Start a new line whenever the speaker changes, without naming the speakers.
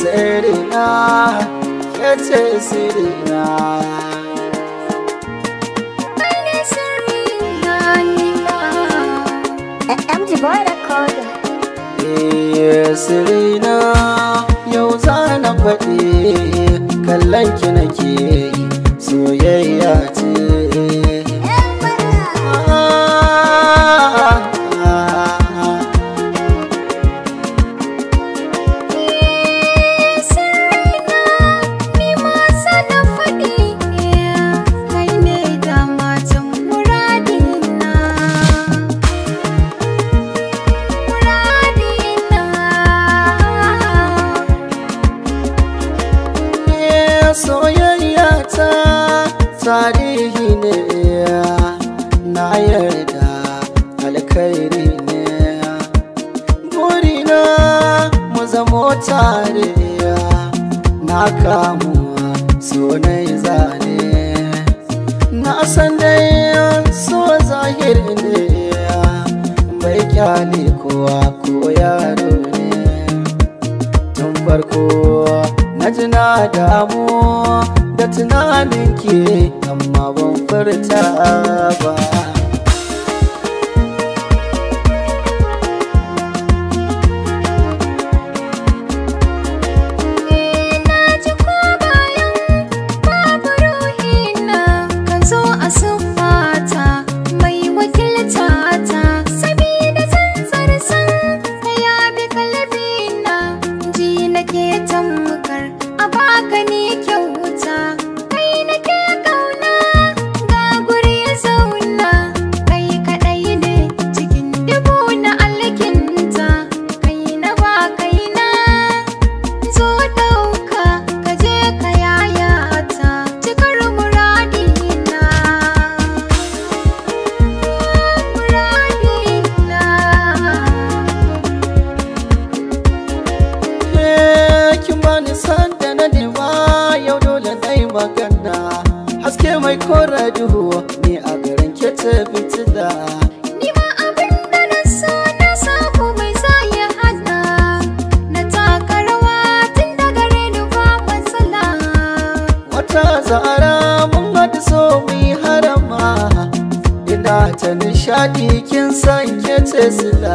sirina ke ce sirina
MG Boy Recorder.
Eh, Sirina, yau za na faɗi kallon ki nake. soyayya ta tarihi ne na yarda alkhairi ne burina mu zamo tare na kamu so na zane na san dai so zahiri ne mai kyale kowa ko yaro ne tun farko na da da tunanin ke amma ban furta ba ta fitila
ni abin da na sa na samu mai sa ya hada na taka rawa tun da
gare ni ba matsala wata za'ara mun hada so harama ina ta nishadi kin sake ce sila